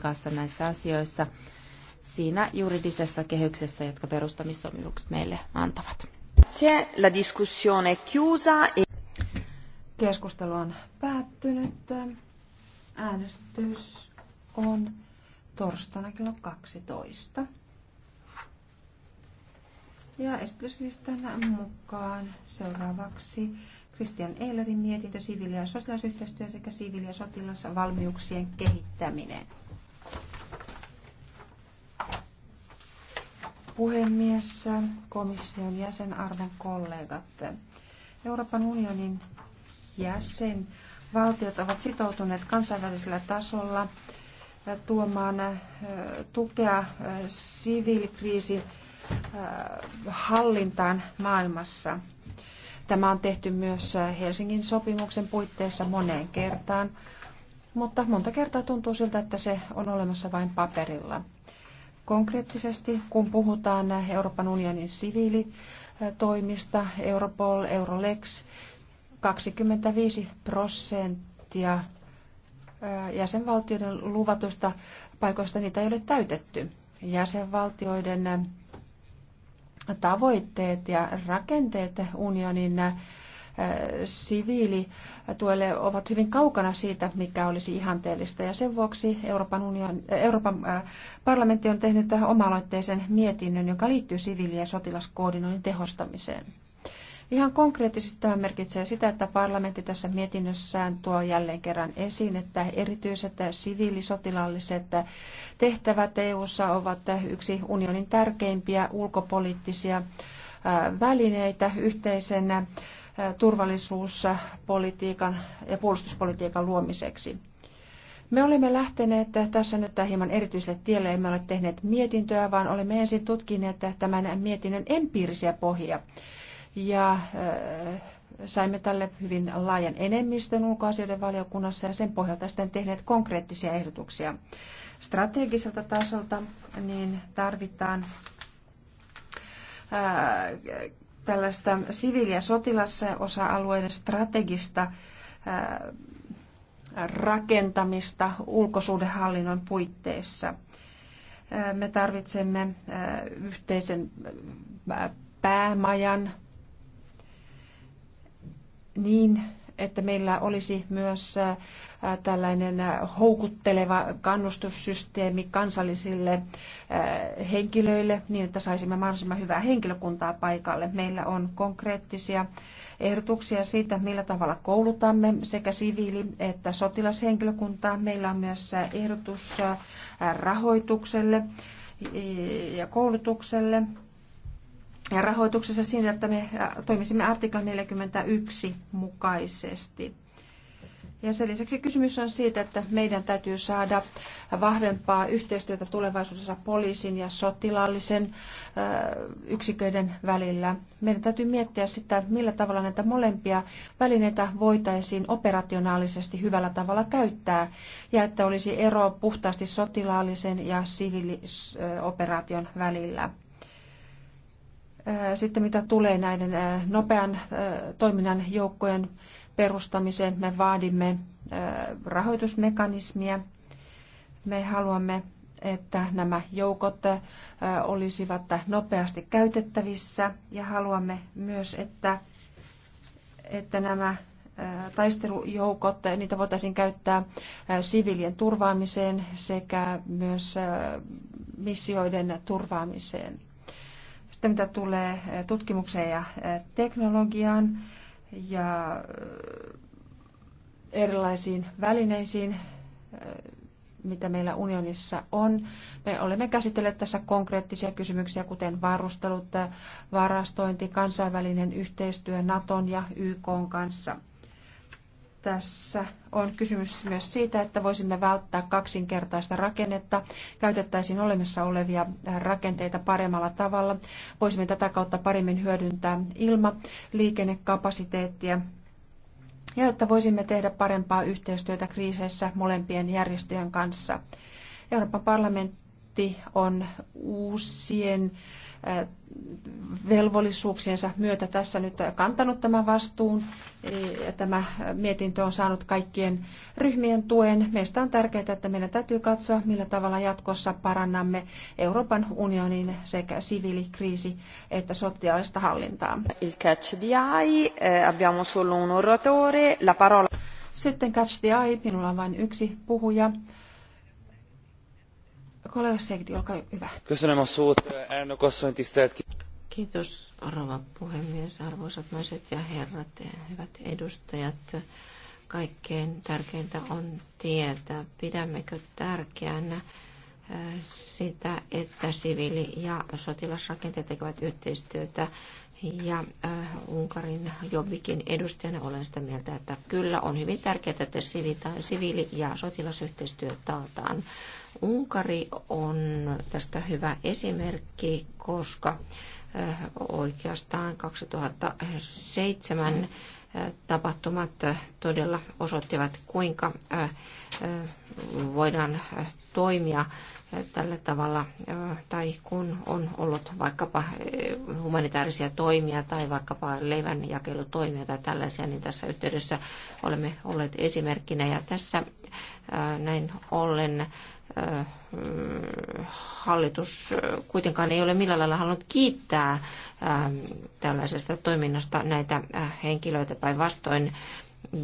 kanssa näissä asioissa siinä juridisessa kehyksessä, jotka perustamissopimukset meille antavat. La discussione chiusa e... Keskustelu on päättynyt. Äänestys on torstaina kello 12. Ja esityslistan mukaan seuraavaksi Christian Eilerin mietintö siviili- ja sosiaalisyhteistyö sekä siviili- ja sotilasvalmiuksien kehittäminen puhemies, komission jäsen, arvon kollegat. Euroopan unionin jäsenvaltiot ovat sitoutuneet kansainvälisellä tasolla tuomaan tukea siviilikriisi hallintaan maailmassa. Tämä on tehty myös Helsingin sopimuksen puitteissa moneen kertaan mutta monta kertaa tuntuu siltä, että se on olemassa vain paperilla. Konkreettisesti, kun puhutaan Euroopan unionin siviilitoimista, Europol, Eurolex, 25 prosenttia jäsenvaltioiden luvatuista paikoista niitä ei ole täytetty. Jäsenvaltioiden tavoitteet ja rakenteet unionin siviilituelle ovat hyvin kaukana siitä, mikä olisi ihanteellista. Ja sen vuoksi Euroopan, union, Euroopan parlamentti on tehnyt tähän oma-aloitteisen mietinnön, joka liittyy siviili- ja sotilaskoordinoinnin tehostamiseen. Ihan konkreettisesti tämä merkitsee sitä, että parlamentti tässä mietinnössään tuo jälleen kerran esiin, että erityiset siviilisotilaalliset tehtävät EU-ssa ovat yksi unionin tärkeimpiä ulkopoliittisia välineitä yhteisenä turvallisuuspolitiikan ja puolustuspolitiikan luomiseksi. Me olemme lähteneet tässä nyt hieman erityiselle tielle, emme ole tehneet mietintöä, vaan olemme ensin tutkineet tämän mietinnön empiirisiä pohjia. Ja saimme tälle hyvin laajan enemmistön ulkoasioiden valiokunnassa ja sen pohjalta sitten tehneet konkreettisia ehdotuksia. Strategiselta tasolta niin tarvitaan tällaista siviili- ja sotilasosa-alueiden strategista rakentamista ulkosuhdehallinnon puitteissa. Me tarvitsemme yhteisen päämajan niin, että meillä olisi myös Äh, tällainen äh, houkutteleva kannustussysteemi kansallisille äh, henkilöille niin, että saisimme mahdollisimman hyvää henkilökuntaa paikalle. Meillä on konkreettisia ehdotuksia siitä, millä tavalla koulutamme sekä siviili- että sotilashenkilökuntaa. Meillä on myös ehdotus rahoitukselle ja koulutukselle ja rahoituksessa siinä, että me toimisimme artikla 41 mukaisesti. Ja sen lisäksi kysymys on siitä, että meidän täytyy saada vahvempaa yhteistyötä tulevaisuudessa poliisin ja sotilaallisen äh, yksiköiden välillä. Meidän täytyy miettiä sitä, millä tavalla näitä molempia välineitä voitaisiin operationaalisesti hyvällä tavalla käyttää ja että olisi ero puhtaasti sotilaallisen ja siviilioperaation välillä. Sitten mitä tulee näiden nopean toiminnan joukkojen perustamiseen, me vaadimme rahoitusmekanismia. Me haluamme, että nämä joukot olisivat nopeasti käytettävissä ja haluamme myös, että, että nämä taistelujoukot, niitä voitaisiin käyttää siviilien turvaamiseen sekä myös missioiden turvaamiseen. Sitten mitä tulee eh, tutkimukseen ja eh, teknologiaan ja eh, erilaisiin välineisiin, mitä meillä unionissa on. Me olemme käsitelleet tässä konkreettisia kysymyksiä, kuten varustelut, varastointi, kansainvälinen yhteistyö Naton ja YK kanssa tässä on kysymys myös siitä, että voisimme välttää kaksinkertaista rakennetta, käytettäisiin olemassa olevia rakenteita paremmalla tavalla, voisimme tätä kautta paremmin hyödyntää ilmaliikennekapasiteettia ja että voisimme tehdä parempaa yhteistyötä kriiseissä molempien järjestöjen kanssa. Euroopan parlamentti parlamentti on uusien äh, velvollisuuksiensa myötä tässä nyt kantanut tämän vastuun. Ja äh, tämä mietintö on saanut kaikkien ryhmien tuen. Meistä on tärkeää, että meidän täytyy katsoa, millä tavalla jatkossa parannamme Euroopan unionin sekä siviilikriisi- että sotilaallista hallintaa. Il catch di AI, eh, abbiamo solo un oratore, la parola... Sitten catch the eye, minulla on vain yksi puhuja. Kollega Segdi, olkaa hyvä. a szót, elnök asszony, tisztelt Kiitos, rouva puhemies, arvoisat naiset ja herrat ja hyvät edustajat. Kaikkein tärkeintä on tietää, pidämmekö tärkeänä sitä, että siviili- ja sotilasrakenteet tekevät yhteistyötä. Ja äh, Unkarin Jobbikin edustajana olen sitä mieltä, että kyllä on hyvin tärkeää, että siviili- ja sotilasyhteistyö taataan. Unkari on tästä hyvä esimerkki, koska äh, oikeastaan 2007 äh, tapahtumat todella osoittivat, kuinka voidaan toimia tällä tavalla, tai kun on ollut vaikkapa humanitaarisia toimia tai vaikkapa leivänjakelutoimia tai tällaisia, niin tässä yhteydessä olemme olleet esimerkkinä. Ja tässä näin ollen hallitus kuitenkaan ei ole millään lailla halunnut kiittää tällaisesta toiminnasta näitä henkilöitä päinvastoin. vastoin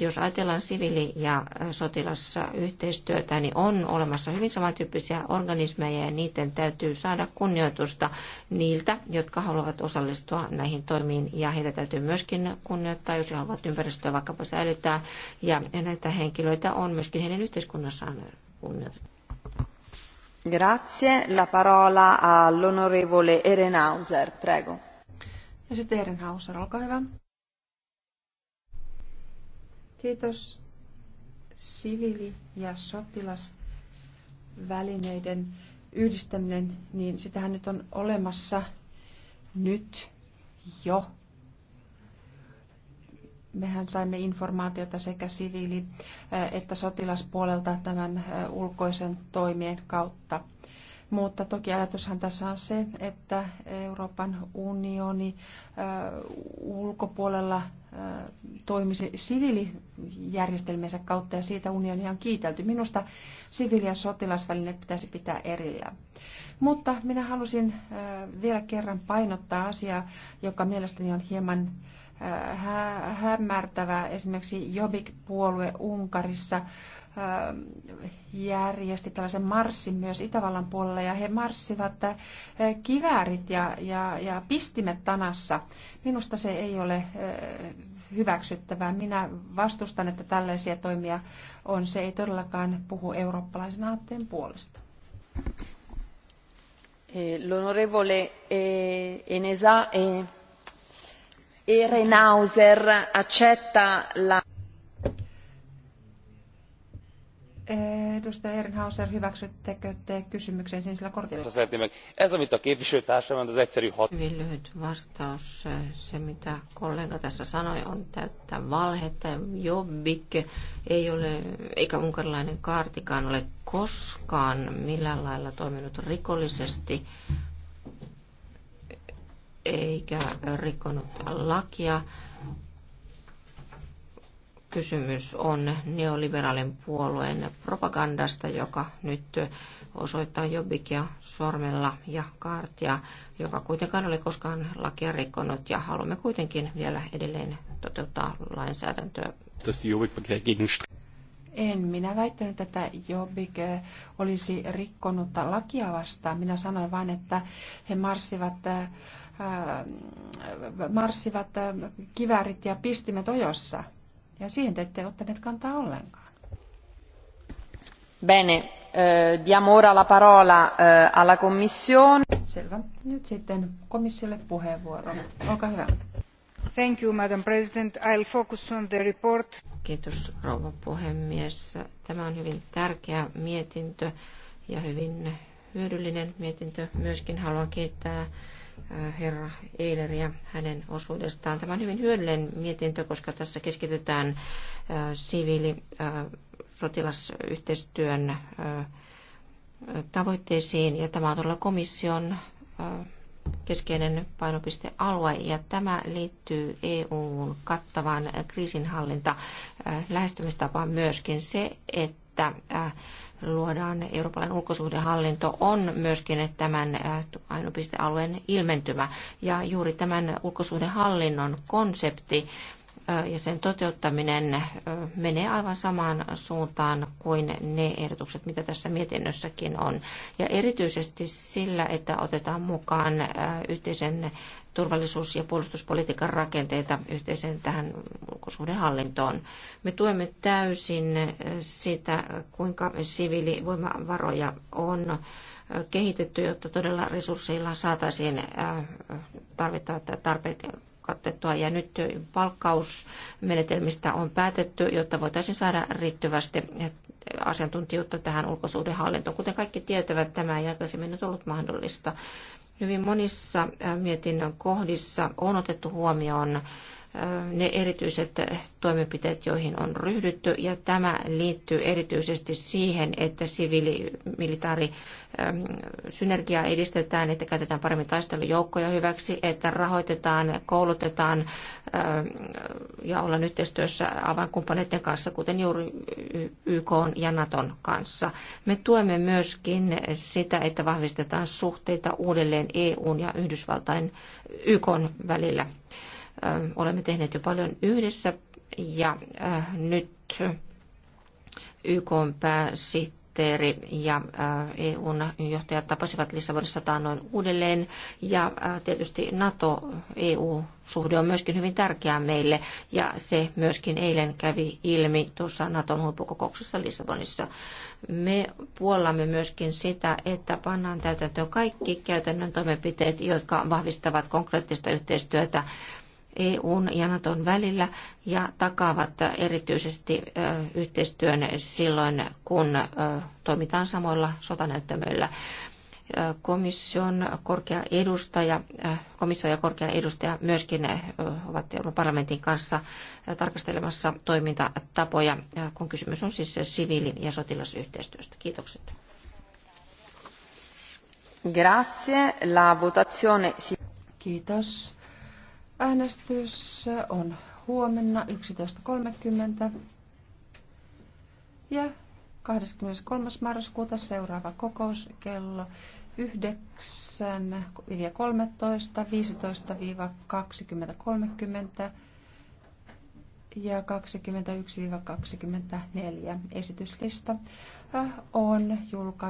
jos ajatellaan siviili- ja sotilasyhteistyötä, niin on olemassa hyvin samantyyppisiä organismeja ja niiden täytyy saada kunnioitusta niiltä, jotka haluavat osallistua näihin toimiin. Ja heitä täytyy myöskin kunnioittaa, jos he haluavat ympäristöä vaikkapa säilyttää. Ja näitä henkilöitä on myöskin heidän yhteiskunnassaan kunnioitettu. Grazie. La parola all'onorevole Erenhauser, prego. Ja sitten Erenhauser, olkaa hyvä. Kiitos. Siviili- ja sotilasvälineiden yhdistäminen, niin sitähän nyt on olemassa nyt jo. Mehän saimme informaatiota sekä siviili- että sotilaspuolelta tämän ulkoisen toimien kautta. Mutta toki ajatushan tässä on se, että Euroopan unioni ulkopuolella toimisi siviilijärjestelmiensä kautta ja siitä unionia on kiitelty. Minusta siviili- ja sotilasvälineet pitäisi pitää erillään. Mutta minä halusin vielä kerran painottaa asiaa, joka mielestäni on hieman hämärtävää. Esimerkiksi jobik puolue Unkarissa järjesti tällaisen marssin myös Itävallan puolella ja he marssivat äh, kiväärit ja, ja, ja pistimet tanassa. Minusta se ei ole äh, hyväksyttävää. Minä vastustan, että tällaisia toimia on. Se ei todellakaan puhu eurooppalaisen aatteen puolesta. Eh, l'onorevole eh, Enesa eh, Renauser accetta la Edustaja Ehrenhauser, hyväksyttekö te kysymyksen sinisellä kortilla? Ez, amit a képviselőtársam on, az egyszerű hat. Hyvin lyhyt vastaus. Se, mitä kollega tässä sanoi, on täyttä valhetta. Jobbik ei ole, eikä unkarilainen kaartikaan ole koskaan millään lailla toiminut rikollisesti eikä rikkonut lakia kysymys on neoliberaalin puolueen propagandasta, joka nyt osoittaa Jobbikia sormella ja kaartia, joka kuitenkaan ole koskaan lakia rikkonut ja haluamme kuitenkin vielä edelleen toteuttaa lainsäädäntöä. En minä väittänyt, että Jobbik olisi rikkonut lakia vastaan. Minä sanoin vain, että he marssivat, äh, marssivat kiväärit ja pistimet ojossa. Ja siihen te ette ottaneet kantaa ollenkaan. Bene, eh, diamo ora la parola eh, alla commissione. Selvä. Nyt sitten komissiolle puheenvuoro. Olkaa hyvä. Thank you, Madam President. I'll focus on the report. Kiitos, rouva puhemies. Tämä on hyvin tärkeä mietintö ja hyvin hyödyllinen mietintö. Myöskin haluan kiittää Äh, herra ja hänen osuudestaan. Tämä on hyvin hyödyllinen mietintö, koska tässä keskitytään äh, siviili-sotilasyhteistyön äh, tavoitteisiin, ja tämä on todella komission keskeinen painopistealue ja tämä liittyy EUn kattavaan kriisinhallinta lähestymistapaan myöskin se, että luodaan Euroopan ulkosuhdehallinto on myöskin tämän äh, painopistealueen ilmentymä. Ja juuri tämän ulkosuhdehallinnon konsepti äh, ja sen toteuttaminen äh, menee aivan samaan suuntaan kuin ne ehdotukset, mitä tässä mietinnössäkin on. Ja erityisesti sillä, että otetaan mukaan yhteisen turvallisuus- ja puolustuspolitiikan rakenteita yhteiseen tähän ulkosuhdehallintoon. Me tuemme täysin sitä, kuinka siviilivoimavaroja on kehitetty, jotta todella resursseilla saataisiin äh, tarvittavat tarpeet katettua. Ja nyt palkkausmenetelmistä on päätetty, jotta voitaisiin saada riittävästi asiantuntijuutta tähän ulkosuhdehallintoon. Kuten kaikki tietävät, tämä ei aikaisemmin ollut mahdollista. Hyvin monissa äh, mietinnön kohdissa on otettu huomioon ne erityiset toimenpiteet, joihin on ryhdytty, ja tämä liittyy erityisesti siihen, että siviili synergiaa edistetään, että käytetään paremmin taistelujoukkoja hyväksi, että rahoitetaan, koulutetaan ja ollaan yhteistyössä avainkumppaneiden kanssa, kuten juuri YK ja Naton kanssa. Me tuemme myöskin sitä, että vahvistetaan suhteita uudelleen EUn ja Yhdysvaltain YK välillä. Olemme tehneet jo paljon yhdessä ja nyt YK pääsihteeri ja EUn johtajat tapasivat Lissabonissa noin uudelleen. Ja tietysti NATO-EU-suhde on myöskin hyvin tärkeää meille ja se myöskin eilen kävi ilmi tuossa NATOn huippukokouksessa Lissabonissa. Me puollamme myöskin sitä, että pannaan täytäntöön kaikki käytännön toimenpiteet, jotka vahvistavat konkreettista yhteistyötä EUn ja Naton välillä ja takaavat erityisesti yhteistyön silloin, kun toimitaan samoilla sotanäyttämöillä komission korkea edustaja, komissio ja korkea edustaja myöskin ovat Euroopan parlamentin kanssa tarkastelemassa toimintatapoja, kun kysymys on siis siviili- ja sotilasyhteistyöstä. Kiitokset. Grazie. La votazione si... Kiitos. Äänestys on huomenna 11.30 ja 23. marraskuuta seuraava kokous kello 9-13, 2030 ja 21.24. esityslista on julkaistu.